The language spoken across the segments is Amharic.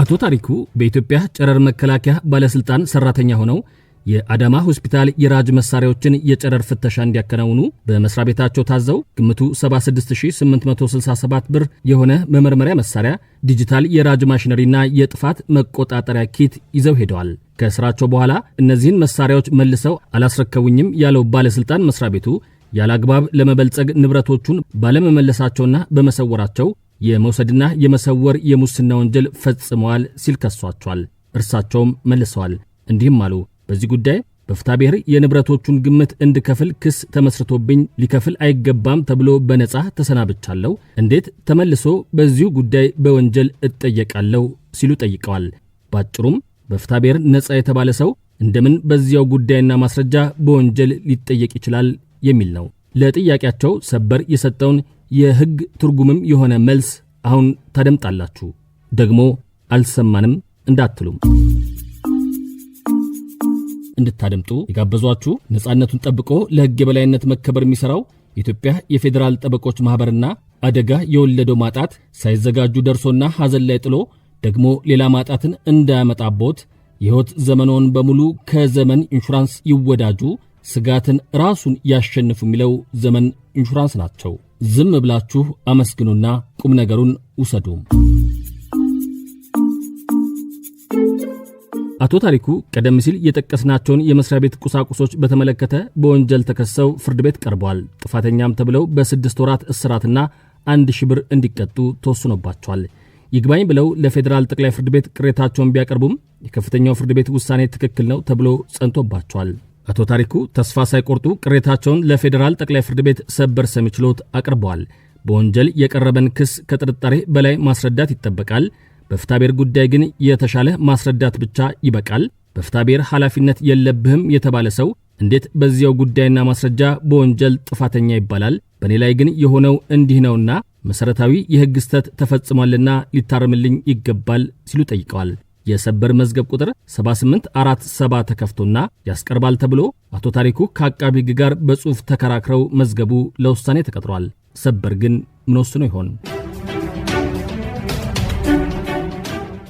አቶ ታሪኩ በኢትዮጵያ ጨረር መከላከያ ባለስልጣን ሰራተኛ ሆነው የአዳማ ሆስፒታል የራጅ መሳሪያዎችን የጨረር ፍተሻ እንዲያከናውኑ በመስሪያ ቤታቸው ታዘው ግምቱ 76867 ብር የሆነ መመርመሪያ መሳሪያ፣ ዲጂታል የራጅ ማሽነሪና የጥፋት መቆጣጠሪያ ኪት ይዘው ሄደዋል። ከስራቸው በኋላ እነዚህን መሳሪያዎች መልሰው አላስረከቡኝም ያለው ባለስልጣን መስሪያ ቤቱ ያለአግባብ ለመበልጸግ ንብረቶቹን ባለመመለሳቸውና በመሰወራቸው የመውሰድና የመሰወር የሙስና ወንጀል ፈጽመዋል ሲል ከሷቸዋል። እርሳቸውም መልሰዋል፣ እንዲህም አሉ። በዚህ ጉዳይ በፍታ ብሔር የንብረቶቹን ግምት እንድከፍል ክስ ተመስርቶብኝ ሊከፍል አይገባም ተብሎ በነፃ ተሰናብቻለሁ። እንዴት ተመልሶ በዚሁ ጉዳይ በወንጀል እጠየቃለሁ ሲሉ ጠይቀዋል። ባጭሩም በፍታ ብሔር ነፃ የተባለ ሰው እንደምን በዚያው ጉዳይና ማስረጃ በወንጀል ሊጠየቅ ይችላል የሚል ነው። ለጥያቄያቸው ሰበር የሰጠውን የሕግ ትርጉምም የሆነ መልስ አሁን ታደምጣላችሁ። ደግሞ አልሰማንም እንዳትሉም እንድታደምጡ የጋበዟችሁ ነፃነቱን ጠብቆ ለሕግ የበላይነት መከበር የሚሠራው የኢትዮጵያ የፌዴራል ጠበቆች ማኅበርና አደጋ የወለደው ማጣት ሳይዘጋጁ ደርሶና ሐዘን ላይ ጥሎ ደግሞ ሌላ ማጣትን እንዳያመጣቦት የሕይወት ዘመኖን በሙሉ ከዘመን ኢንሹራንስ ይወዳጁ። ስጋትን ራሱን ያሸንፉ የሚለው ዘመን ኢንሹራንስ ናቸው። ዝም ብላችሁ አመስግኑና ቁም ነገሩን ውሰዱ። አቶ ታሪኩ ቀደም ሲል የጠቀስናቸውን የመስሪያ ቤት ቁሳቁሶች በተመለከተ በወንጀል ተከሰው ፍርድ ቤት ቀርበዋል። ጥፋተኛም ተብለው በስድስት ወራት እስራትና አንድ ሺህ ብር እንዲቀጡ ተወስኖባቸዋል። ይግባኝ ብለው ለፌዴራል ጠቅላይ ፍርድ ቤት ቅሬታቸውን ቢያቀርቡም የከፍተኛው ፍርድ ቤት ውሳኔ ትክክል ነው ተብሎ ጸንቶባቸዋል። አቶ ታሪኩ ተስፋ ሳይቆርጡ ቅሬታቸውን ለፌዴራል ጠቅላይ ፍርድ ቤት ሰበር ሰሚ ችሎት አቅርበዋል። በወንጀል የቀረበን ክስ ከጥርጣሬ በላይ ማስረዳት ይጠበቃል። በፍትሐብሔር ጉዳይ ግን የተሻለ ማስረዳት ብቻ ይበቃል። በፍትሐብሔር ኃላፊነት የለብህም የተባለ ሰው እንዴት በዚያው ጉዳይና ማስረጃ በወንጀል ጥፋተኛ ይባላል? በእኔ ላይ ግን የሆነው እንዲህ ነውና መሠረታዊ የሕግ ስተት ተፈጽሟልና ሊታረምልኝ ይገባል ሲሉ ጠይቀዋል። የሰበር መዝገብ ቁጥር 7847 ተከፍቶና ያስቀርባል ተብሎ አቶ ታሪኩ ከአቃቢ ሕግ ጋር በጽሑፍ ተከራክረው መዝገቡ ለውሳኔ ተቀጥሯል። ሰበር ግን ምን ወስኖ ይሆን?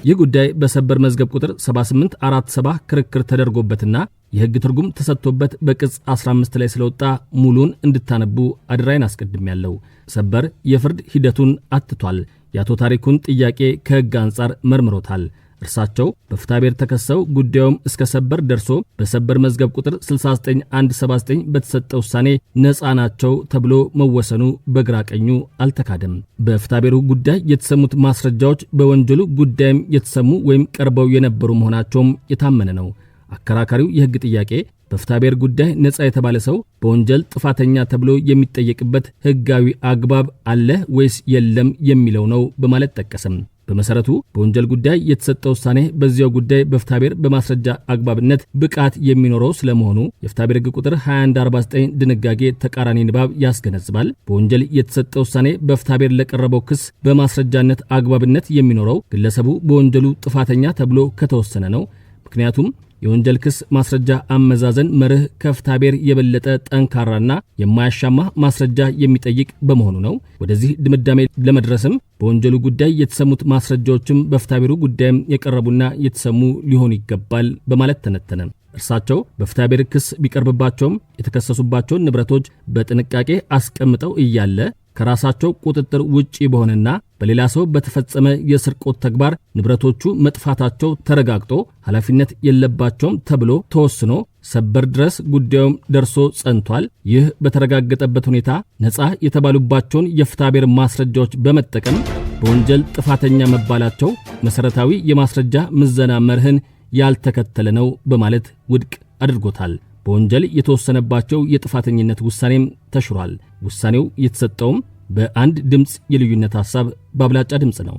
ይህ ጉዳይ በሰበር መዝገብ ቁጥር 7847 ክርክር ተደርጎበትና የሕግ ትርጉም ተሰጥቶበት በቅጽ 15 ላይ ስለወጣ ሙሉን እንድታነቡ አድራይን አስቀድም ያለው ሰበር የፍርድ ሂደቱን አትቷል። የአቶ ታሪኩን ጥያቄ ከሕግ አንጻር መርምሮታል። እርሳቸው በፍታቤር ተከሰው ጉዳዩም እስከ ሰበር ደርሶ በሰበር መዝገብ ቁጥር 69179 በተሰጠ ውሳኔ ነፃ ናቸው ተብሎ መወሰኑ በግራ ቀኙ አልተካደም። በፍታቤሩ ጉዳይ የተሰሙት ማስረጃዎች በወንጀሉ ጉዳይም የተሰሙ ወይም ቀርበው የነበሩ መሆናቸውም የታመነ ነው። አከራካሪው የሕግ ጥያቄ በፍትሐብሔር ጉዳይ ነፃ የተባለ ሰው በወንጀል ጥፋተኛ ተብሎ የሚጠየቅበት ሕጋዊ አግባብ አለ ወይስ የለም የሚለው ነው በማለት ጠቀሰም። በመሰረቱ በወንጀል ጉዳይ የተሰጠ ውሳኔ በዚያው ጉዳይ በፍታቤር በማስረጃ አግባብነት ብቃት የሚኖረው ስለመሆኑ የፍታቤር ሕግ ቁጥር 2149 ድንጋጌ ተቃራኒ ንባብ ያስገነዝባል። በወንጀል የተሰጠ ውሳኔ በፍታቤር ለቀረበው ክስ በማስረጃነት አግባብነት የሚኖረው ግለሰቡ በወንጀሉ ጥፋተኛ ተብሎ ከተወሰነ ነው። ምክንያቱም የወንጀል ክስ ማስረጃ አመዛዘን መርህ ከፍታቤር የበለጠ ጠንካራና የማያሻማ ማስረጃ የሚጠይቅ በመሆኑ ነው። ወደዚህ ድምዳሜ ለመድረስም በወንጀሉ ጉዳይ የተሰሙት ማስረጃዎችም በፍታቤሩ ጉዳይም የቀረቡና የተሰሙ ሊሆኑ ይገባል በማለት ተነተነ። እርሳቸው በፍታቤር ክስ ቢቀርብባቸውም የተከሰሱባቸውን ንብረቶች በጥንቃቄ አስቀምጠው እያለ ከራሳቸው ቁጥጥር ውጪ በሆነና በሌላ ሰው በተፈጸመ የስርቆት ተግባር ንብረቶቹ መጥፋታቸው ተረጋግጦ ኃላፊነት የለባቸውም ተብሎ ተወስኖ ሰበር ድረስ ጉዳዩም ደርሶ ጸንቷል። ይህ በተረጋገጠበት ሁኔታ ነፃ የተባሉባቸውን የፍትሐብሔር ማስረጃዎች በመጠቀም በወንጀል ጥፋተኛ መባላቸው መሠረታዊ የማስረጃ ምዘና መርህን ያልተከተለ ነው በማለት ውድቅ አድርጎታል። በወንጀል የተወሰነባቸው የጥፋተኝነት ውሳኔም ተሽሯል። ውሳኔው የተሰጠውም በአንድ ድምፅ የልዩነት ሐሳብ በአብላጫ ድምፅ ነው።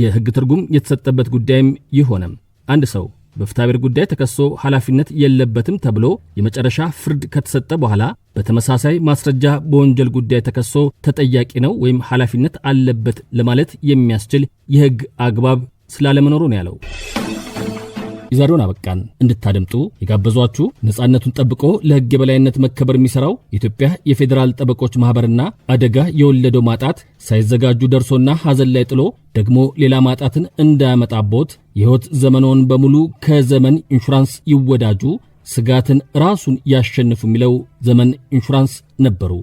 የሕግ ትርጉም የተሰጠበት ጉዳይም ይሆነም አንድ ሰው በፍትሐብሔር ጉዳይ ተከሶ ኃላፊነት የለበትም ተብሎ የመጨረሻ ፍርድ ከተሰጠ በኋላ በተመሳሳይ ማስረጃ በወንጀል ጉዳይ ተከሶ ተጠያቂ ነው ወይም ኃላፊነት አለበት ለማለት የሚያስችል የሕግ አግባብ ስላለመኖሩ ነው ያለው። የዛሬውን አበቃን። እንድታደምጡ የጋበዟችሁ ነጻነቱን ጠብቆ ለህግ የበላይነት መከበር የሚሰራው የኢትዮጵያ የፌዴራል ጠበቆች ማህበርና አደጋ የወለደው ማጣት ሳይዘጋጁ ደርሶና ሐዘን ላይ ጥሎ ደግሞ ሌላ ማጣትን እንዳያመጣቦት የህይወት ዘመኖን በሙሉ ከዘመን ኢንሹራንስ ይወዳጁ። ስጋትን ራሱን ያሸንፉ የሚለው ዘመን ኢንሹራንስ ነበሩ።